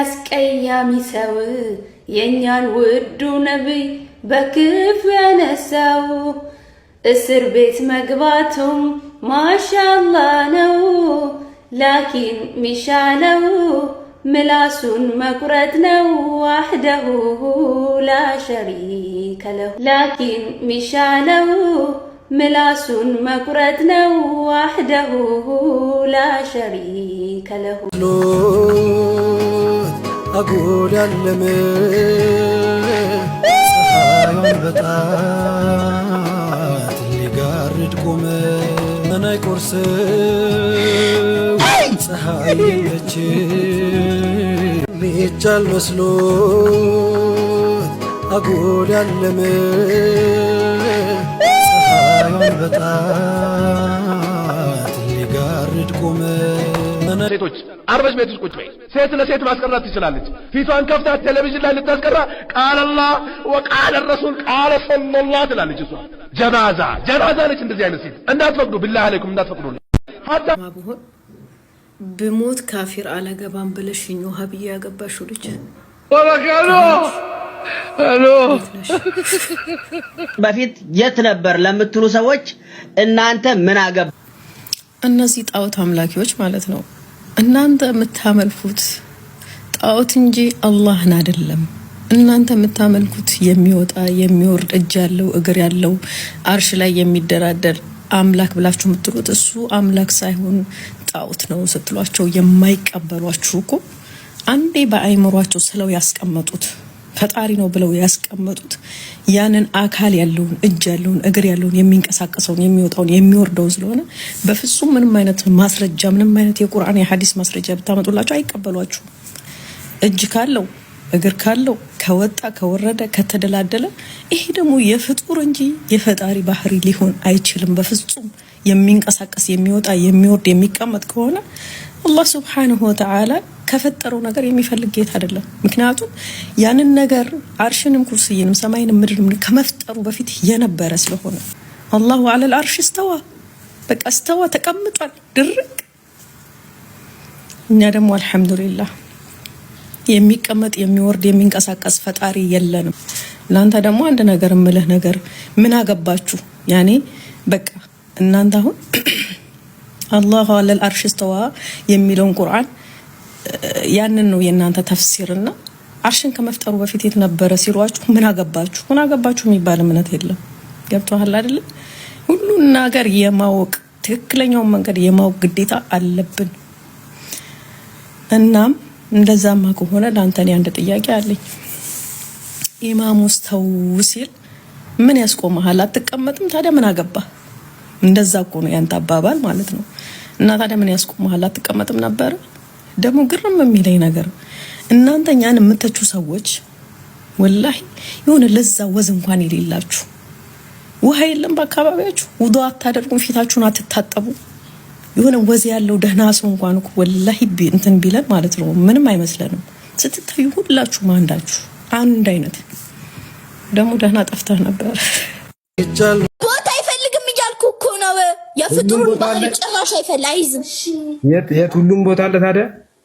አስቀያሚ ሰው የእኛን ውዱ ነቢይ በክፉ ያነሳው እስር ቤት መግባቱም ማሻላ ነው። ላኪን ሚሻለው ምላሱን መቁረጥ ነው። ዋህደሁ ላ ለሁ ላኪን ሚሻለው ምላሱን መቁረጥ ነው። ዋህደሁ ላ ለሁ አጉል ያለመ ፀሐዩን በጣት ሊጋርድ ቆመ። መናይ ቁርስ ፀሐይ የለች ሚቻል መስሎ አጉል ያለመ ፀሐዩን በጣት ሊጋርድ ቆመ። ሴቶች አርበሽ ቤት ቁጭ በይ። ሴት ለሴት ማስቀራት ትችላለች። ፊቷን ከፍታ ቴሌቪዥን ላይ ልታስቀራ ቃለላህ ወቃለ ረሱል ቃለ ሰለላህ ትላለች። እሷ ጀናዛ ጀናዛ ነች። እንደዚህ አይነት ሴት እንዳትፈቅዱ፣ ቢላህ አለይኩም እንዳትፈቅዱ። ብሆን ብሞት ካፊር አላገባም ብለሽኝ ውሃ ብዬ ያገባሽው ልጅ ወበቀሎ ሄሎ በፊት የት ነበር ለምትሉ ሰዎች እናንተ ምን አገባ? እነዚህ ጣዖት አምላኪዎች ማለት ነው። እናንተ የምታመልኩት ጣዖት እንጂ አላህን አይደለም። እናንተ የምታመልኩት የሚወጣ የሚወርድ እጅ ያለው እግር ያለው አርሽ ላይ የሚደራደር አምላክ ብላችሁ የምትሉት እሱ አምላክ ሳይሆን ጣዖት ነው ስትሏቸው የማይቀበሏችሁ እኮ አንዴ በአይምሯቸው ስለው ያስቀመጡት ፈጣሪ ነው ብለው ያስቀመጡት ያንን አካል ያለውን እጅ ያለውን እግር ያለውን የሚንቀሳቀሰውን የሚወጣውን የሚወርደውን ስለሆነ በፍጹም ምንም አይነት ማስረጃ ምንም አይነት የቁርአን የሀዲስ ማስረጃ ብታመጡላቸው አይቀበሏችሁም። እጅ ካለው እግር ካለው ከወጣ ከወረደ ከተደላደለ፣ ይሄ ደግሞ የፍጡር እንጂ የፈጣሪ ባህሪ ሊሆን አይችልም በፍጹም የሚንቀሳቀስ የሚወጣ የሚወርድ የሚቀመጥ ከሆነ አላህ ስብሓንሁ ወተዓላ ከፈጠረው ነገር የሚፈልግ ጌታ አይደለም። ምክንያቱም ያንን ነገር አርሽንም ኩርስይንም ሰማይንም ምድርም ከመፍጠሩ በፊት የነበረ ስለሆነ አላሁ አለል አርሽ እስተዋ፣ በቃ እስተዋ ተቀምጧል ድርቅ። እኛ ደግሞ አልሐምዱሊላህ የሚቀመጥ የሚወርድ የሚንቀሳቀስ ፈጣሪ የለንም። ለአንተ ደግሞ አንድ ነገር እምልህ ነገር ምን አገባችሁ ያኔ በቃ እናንተ አሁን አላሁ አለል አርሽ ስተዋ የሚለውን ቁርአን ያንን ነው የእናንተ ተፍሲርና አርሽን ከመፍጠሩ በፊት የት ነበረ ሲሏችሁ፣ ምን አገባችሁ ምን አገባችሁ የሚባል እምነት የለም። ገብቶሃል አይደለም? ሁሉን ነገር የማወቅ ትክክለኛውን መንገድ የማወቅ ግዴታ አለብን። እናም እንደዛማ ከሆነ ለአንተ እኔ አንድ ጥያቄ አለኝ። ኢማሙ ስተው ሲል ምን ያስቆመሃል? አትቀመጥም? ታዲያ ምን አገባ? እንደዛ እኮ ነው ያንተ አባባል ማለት ነው። እና ታዲያ ምን ያስቆመሃል? አትቀመጥም ነበር? ደግሞ ግርም የሚለኝ ነገር እናንተ እኛን የምተቹ ሰዎች ወላሂ የሆነ ለዛ ወዝ እንኳን የሌላችሁ ውሃ የለም በአካባቢያችሁ፣ ውዶ አታደርጉም፣ ፊታችሁን አትታጠቡ። የሆነ ወዝ ያለው ደህና ሰው እንኳን እኮ ወላሂ እንትን ቢለን ማለት ነው ምንም አይመስለንም። ስትታዩ ሁላችሁም አንዳችሁ አንድ አይነት ደግሞ ደህና ጠፍተህ ነበር። ፍጡሩን ባህሪ ጭራሽ አይፈል አይዝም። የት ሁሉም ቦታ አለ ታዲያ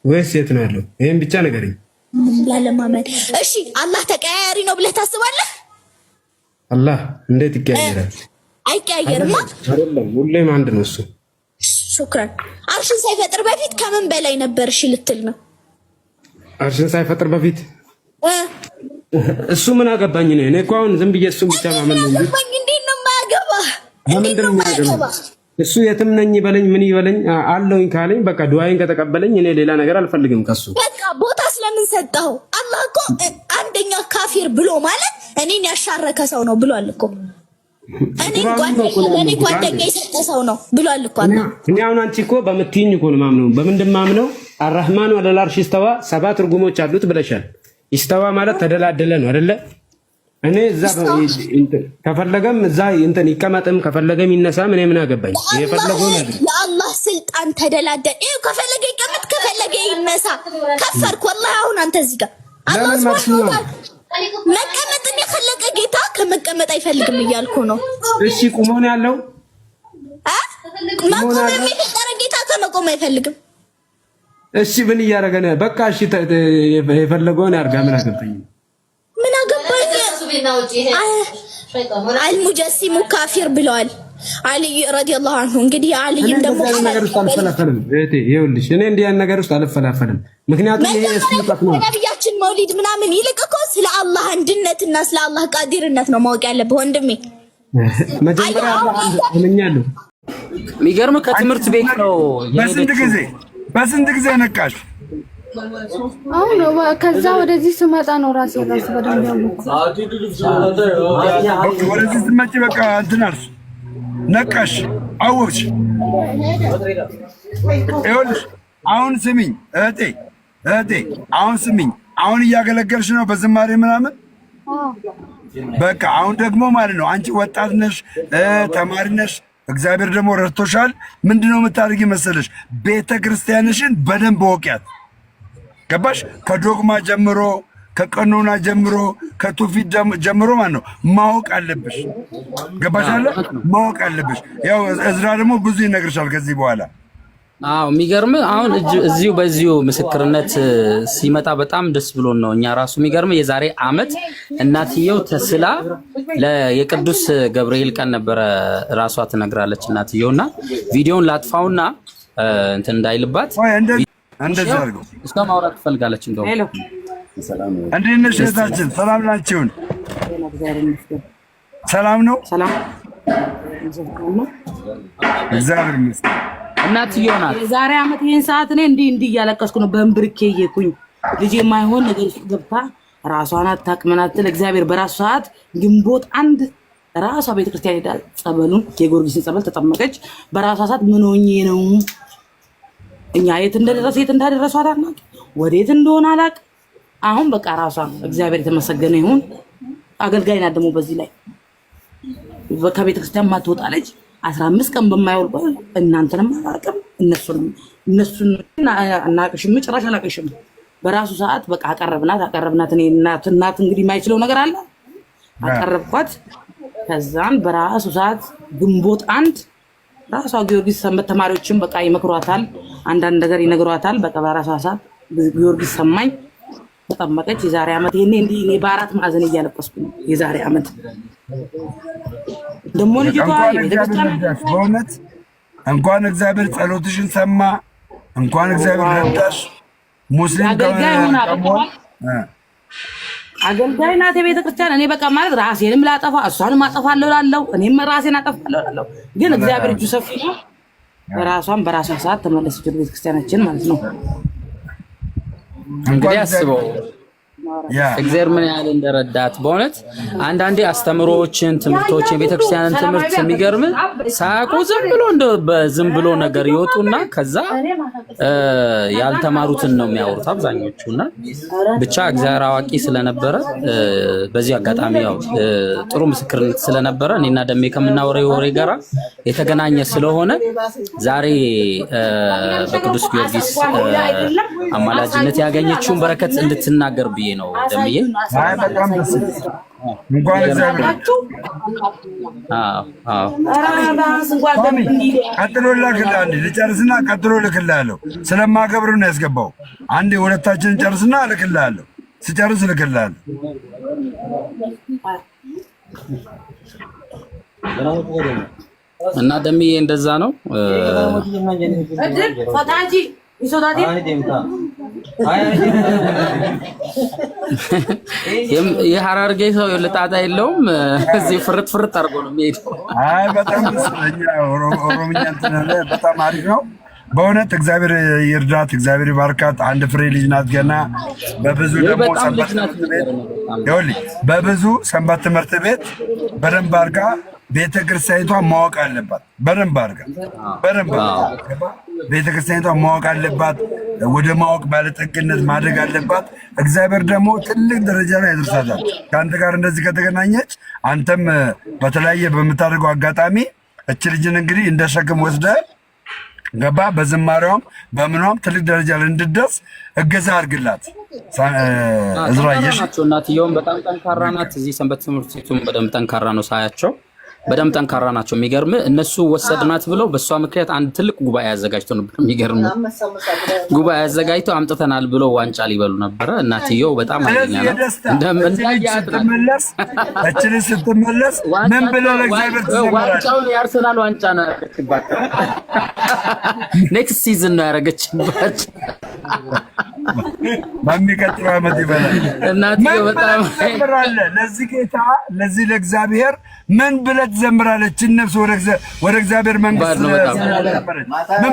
ወይስ የት ነው ያለው? ይሄን ብቻ ንገረኝ ላለማመን። እሺ አላህ ተቀያያሪ ነው ብለህ ታስባለህ? አላህ እንዴት ይቀያየራል? አይቀያየርማ። አይደለም ሁሌም አንድ ነው እሱ። ሹክራን አርሽን ሳይፈጥር በፊት ከምን በላይ ነበር? እሺ ልትል ነው። አርሽን ሳይፈጥር በፊት እሱ ምን አገባኝ ነው? እኔ እኮ አሁን ዝም ብዬ እሱን ብቻ ማመን ነው እንጂ እንዴት ነው የማያገባ? እንዴት ነው የማያገባ? እሱ የትም ነኝ ይበለኝ ምን ይበለኝ አለውኝ ካለኝ በቃ ድዋይን ከተቀበለኝ እኔ ሌላ ነገር አልፈልግም ከሱ። በቃ ቦታ ስለምን ሰጠው? አላህ እኮ አንደኛ ካፊር ብሎ ማለት እኔን ያሻረከ ሰው ነው ብሏል እኮ። እኔን ጓደኛ የሰጠ ሰው ነው ብሏል እኮ። እኔ አሁን አንቺ እኮ በምትይኝ እኮ ነው የማምነው። በምንድን ማምነው? አራህማን ወለል አርሽ ስተዋ ሰባት ትርጉሞች አሉት ብለሻል። ይስተዋ ማለት ተደላደለ ነው አይደለ? እኔ እዛ ከፈለገም እዛ እንትን ይቀመጥም ከፈለገም ይነሳ። ምን ምን አገባኝ? የፈለገው የአላህ ስልጣን ተደላደ። ይሄ ከፈለገ ይቀመጥ ከፈለገ ይነሳ። ከፈርኩ ወላሂ። አሁን አንተ እዚህ ጋር መቀመጥም የፈለገ ጌታ ከመቀመጥ አይፈልግም እያልኩ ነው። እሺ ቁሞ ያለው። መቆም የሚፈጠረ ጌታ ከመቆም አይፈልግም። እሺ ምን እያደረገ ነው? በቃ እሺ የፈለገውን ያርጋ። ምን አገባኝ? አልሙጀሲሙ ካፊር ብለዋል አልይ ረዲየላሁ አንሁ። እንግዲህ አልይም ደግሞ ነገር ውስጥ አልፈላፈልም። እህቴ ይኸውልሽ፣ እኔ እንዲህ ያለ ነገር ውስጥ አልፈላፈልም። ምክንያቱም ይሄ እስልጣት ነው። ነብያችን መውሊድ ምናምን ይልቅ እኮ ስለ አላህ አንድነትና ስለ አላህ ቃዲርነት ነው ማወቅ ያለብህ ወንድሜ። መጀመሪያ አምኛለሁ። የሚገርም ከትምህርት ቤት ነው። በስንት ጊዜ በስንት ጊዜ ነቃሽ? አሁን ከዛ ወደዚህ ስመጣ ነው ራሴ ራስ በደንብ ያወቅኩት። ወደዚህ ስትመጪ በቃ እንትን አልሽ፣ ነቃሽ፣ አወቅሽ። ይኸውልሽ አሁን ስሚኝ እህቴ፣ እህቴ አሁን ስሚኝ። አሁን እያገለገልሽ ነው በዝማሬ ምናምን በቃ አሁን ደግሞ ማለት ነው አንቺ ወጣት ነሽ፣ ተማሪ ነሽ። እግዚአብሔር ደግሞ ረድቶሻል። ምንድነው የምታደርጊ መሰለሽ? ቤተ ክርስቲያንሽን በደንብ ወቅያት። ገባሽ? ከዶግማ ጀምሮ ከቀኖና ጀምሮ ከትውፊት ጀምሮ ማለት ነው ማወቅ አለብሽ። ገባሽ? አለ ማወቅ አለብሽ። ያው እዝራ ደግሞ ብዙ ይነግርሻል ከዚህ በኋላ። አዎ የሚገርም አሁን እዚሁ በዚሁ ምስክርነት ሲመጣ በጣም ደስ ብሎን ነው እኛ ራሱ የሚገርም የዛሬ አመት እናትየው ተስላ የቅዱስ ገብርኤል ቀን ነበረ ራሷ ትነግራለች እናትየውና ቪዲዮን ላጥፋውና እንትን እንዳይልባት እንደዛ አድርገው እስከ ማውራት ትፈልጋለች። እንደው እንዴት ነሽ እህታችን? ሰላም ናችሁን? ሰላም ነው። እግዚአብሔር ይመስገን። እናትዬ ናት። የዛሬ ዓመት ይህን ሰዓት እኔ እንዲህ እንዲህ እያለቀስኩ ነው በእምብርኬ እየኩኝ ልጅ የማይሆን ነገር ገብታ ራሷን አታቅመናት። እግዚአብሔር በራሱ ሰዓት ግንቦት አንድ ራሷ ቤተክርስቲያን ሄዳ ጸበሉን የጊዮርጊስን ጸበል ተጠመቀች። በራሷ ሰዓት ምን ሆኜ ነው እኛ የት እንደደረሰ የት እንዳደረሷት አናውቅ፣ ወዴት እንደሆነ አላቅ። አሁን በቃ ራሷ እግዚአብሔር የተመሰገነ ይሁን አገልጋይ ናት። ደግሞ በዚህ ላይ ከቤተክርስቲያን ማትወጣ ልጅ አስራ አምስት ቀን በማይወል እናንተንም አላቅም እነሱንም እነሱን አናውቅሽም፣ ጭራሽ አላቅሽም። በራሱ ሰዓት በቃ አቀረብናት አቀረብናት። እናት እናት እንግዲህ የማይችለው ነገር አለ። አቀረብኳት። ከዛን በራሱ ሰዓት ግንቦት አንድ ራሷ ጊዮርጊስ ሰንበት ተማሪዎችን በቃ ይመክሯታል፣ አንዳንድ ነገር ይነግሯታል። በቃ በራሷ ሰዓት ጊዮርጊስ ሰማኝ ተጠመቀች። የዛሬ ዓመት ይሄኔ እንዲህ እኔ በአራት ማዕዘን እያለቀስኩ ነው። የዛሬ ዓመት ደግሞ ልጅቷ በእውነት እንኳን እግዚአብሔር ጸሎትሽን ሰማ፣ እንኳን እግዚአብሔር ረዳሽ። ሙስሊም አገልጋይ ናት የቤተ ክርስቲያን። እኔ በቃ ማለት ራሴንም ላጠፋ እሷንም አጠፋለሁ እላለሁ፣ እኔም ራሴን አጠፋለሁ እላለሁ። ግን እግዚአብሔር እጁ ሰፊ ነው። በራሷን በራሷ ሰዓት ተመለሰች ቤተክርስቲያናችን ማለት ነው። እንግዲህ አስበው እግዚአብሔር ምን ያህል እንደረዳት በእውነት አንዳንዴ አስተምሮዎችን፣ ትምህርቶችን፣ ቤተክርስቲያንን ትምህርት የሚገርም ሳያውቁ ዝም ብሎ እንደ ብሎ ነገር ይወጡና ከዛ ያልተማሩትን ነው የሚያወሩት አብዛኞቹ። እና ብቻ እግዚአብሔር አዋቂ ስለነበረ በዚህ አጋጣሚ ያው ጥሩ ምስክርነት ስለነበረ እኔና ደሜ ከምናወረው ወሬ ጋራ የተገናኘ ስለሆነ ዛሬ በቅዱስ ጊዮርጊስ አማላጅነት ያገኘችውን በረከት እንድትናገር ብዬ ነው ደምዬ ቀጥሎ ልጨርስና ቀጥሎ ስለማገብር ነው ያስገባው። አንዴ ሁለታችንን ጨርስና እልክልሃለሁ። ስጨርስ እና ደምዬ እንደዛ ነው። የሐራርጌ ሰው ልጣጣ የለውም። እዚህ ፍርጥ ፍርጥ አድርጎ ነው የሚሄደው። በጣም አሪፍ ነው በእውነት። እግዚአብሔር ይርዳት፣ እግዚአብሔር ይባርካት። አንድ ፍሬ ልጅ ናት ገና። በብዙ ደግሞ ሰንበት ትምህርት ቤት ይኸውልህ፣ በብዙ ሰንበት ትምህርት ቤት በደንብ አድርጋ ቤተክርስቲያኒቷ ማወቅ አለባት። በደንብ አድርጋ በደንብ ቤተክርስቲያኒቷ ማወቅ አለባት። ወደ ማወቅ ባለጠግነት ማድረግ አለባት። እግዚአብሔር ደግሞ ትልቅ ደረጃ ላይ ያደርሳታል። ከአንተ ጋር እንደዚህ ከተገናኘች አንተም በተለያየ በምታደርገው አጋጣሚ እች ልጅን እንግዲህ እንደ ሸክም ወስደህ ገባ በዝማሬዋም በምኗም ትልቅ ደረጃ ላይ እንድደርስ እገዛ አድርግላት። እዝራየሽ እናትየውም በጣም ጠንካራ ናት። እዚህ ሰንበት ትምህርት ቤቱም በደንብ ጠንካራ ነው ሳያቸው በጣም ጠንካራ ናቸው። የሚገርም እነሱ ወሰድናት ብለው በእሷ ምክንያት አንድ ትልቅ ጉባኤ አዘጋጅቶ ነበር። የሚገርም ጉባኤ አዘጋጅቶ አምጥተናል ብለው ዋንጫ ሊበሉ ነበረ። እናትየው በጣም አለኛ ስትመለስ ስትመለስ ምን ብለው ዋንጫውን የአርሰናል ዋንጫ ነው ያደረገችባቸው። ኔክስት ሲዝን ነው ያደረገችባቸው። በሚቀጥለው ዓመት ይበላል። ለዚህ ጌታ ለዚህ ለእግዚአብሔር ምን ብለህ ትዘምራለች? ነፍስ ወደ እግዚአብሔር መንግስት ምን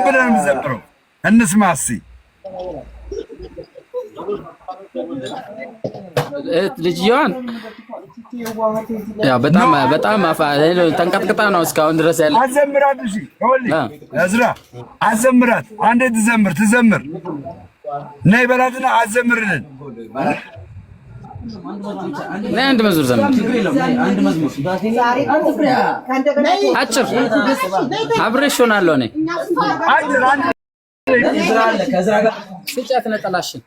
ብለህ ነው የምትዘምረው? እንስማ እስኪ ልጅየዋን ያው በጣም በጣም አፋ ተንቀጥቅጣ ነው እስካሁን ድረስ ያለ። አዘምራት እሺ፣ እዝራ አዘምራት፣ አንዴ ትዘምር ትዘምር፣ ነይ በላትና አዘምርልን። ነይ አንድ መዝሙር ዘምር፣ አጭር አብሬሽ ሆናለሁ። ነይ ስጫት ነጠላሽን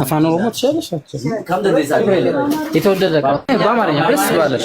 አፋን ኦሮሞ ትችላለሽ። የተወደደ በአማርኛ ደስ ባለሽ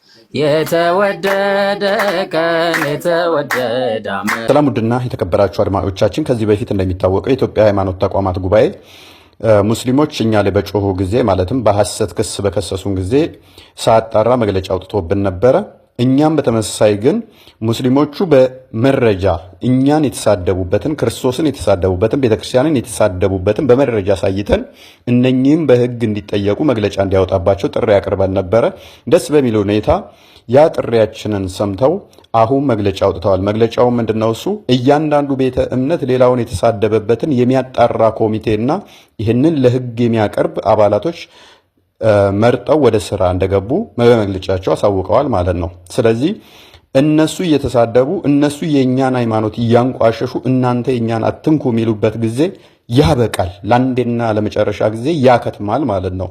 የተወደደ ቀን የተወደደ ዓመት። ሰላም ውድና የተከበራችሁ አድማጮቻችን፣ ከዚህ በፊት እንደሚታወቀው የኢትዮጵያ ሃይማኖት ተቋማት ጉባኤ ሙስሊሞች እኛ ላይ በጮሁ ጊዜ ማለትም በሐሰት ክስ በከሰሱን ጊዜ ሳጣራ መግለጫ አውጥቶብን ነበረ። እኛም በተመሳሳይ ግን ሙስሊሞቹ በመረጃ እኛን የተሳደቡበትን ክርስቶስን የተሳደቡበትን ቤተክርስቲያንን የተሳደቡበትን በመረጃ ሳይተን እነኚህም በሕግ እንዲጠየቁ መግለጫ እንዲያወጣባቸው ጥሪ አቅርበን ነበረ። ደስ በሚል ሁኔታ ያ ጥሪያችንን ሰምተው አሁን መግለጫ አውጥተዋል። መግለጫው ምንድነው? እሱ እያንዳንዱ ቤተ እምነት ሌላውን የተሳደበበትን የሚያጣራ ኮሚቴና ይህንን ለሕግ የሚያቀርብ አባላቶች መርጠው ወደ ስራ እንደገቡ በመግለጫቸው አሳውቀዋል ማለት ነው። ስለዚህ እነሱ እየተሳደቡ እነሱ የእኛን ሃይማኖት እያንቋሸሹ እናንተ የእኛን አትንኩ የሚሉበት ጊዜ ያበቃል። ለአንዴና ለመጨረሻ ጊዜ ያከትማል ማለት ነው።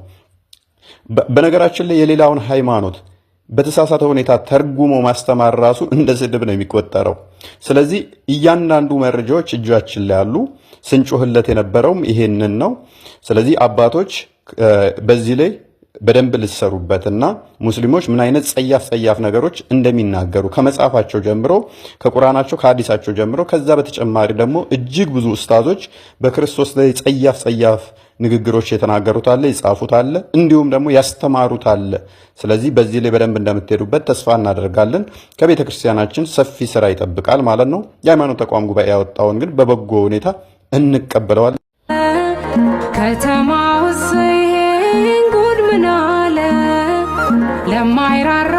በነገራችን ላይ የሌላውን ሃይማኖት በተሳሳተ ሁኔታ ተርጉሞ ማስተማር ራሱ እንደ ስድብ ነው የሚቆጠረው። ስለዚህ እያንዳንዱ መረጃዎች እጃችን ላይ አሉ። ስንጮህለት የነበረውም ይሄንን ነው። ስለዚህ አባቶች በዚህ ላይ በደንብ ልትሰሩበትና ሙስሊሞች ምን አይነት ጸያፍ ጸያፍ ነገሮች እንደሚናገሩ ከመጽሐፋቸው ጀምሮ ከቁርአናቸው ከሀዲሳቸው ጀምሮ ከዛ በተጨማሪ ደግሞ እጅግ ብዙ ኡስታዞች በክርስቶስ ላይ ጸያፍ ጸያፍ ንግግሮች የተናገሩት አለ፣ ይጻፉት አለ፣ እንዲሁም ደግሞ ያስተማሩት አለ። ስለዚህ በዚህ ላይ በደንብ እንደምትሄዱበት ተስፋ እናደርጋለን። ከቤተ ክርስቲያናችን ሰፊ ስራ ይጠብቃል ማለት ነው። የሃይማኖት ተቋም ጉባኤ ያወጣውን ግን በበጎ ሁኔታ እንቀበለዋለን። ከተማ ውስጥ ይሄን ጉድ ምን አለ ለማይራራ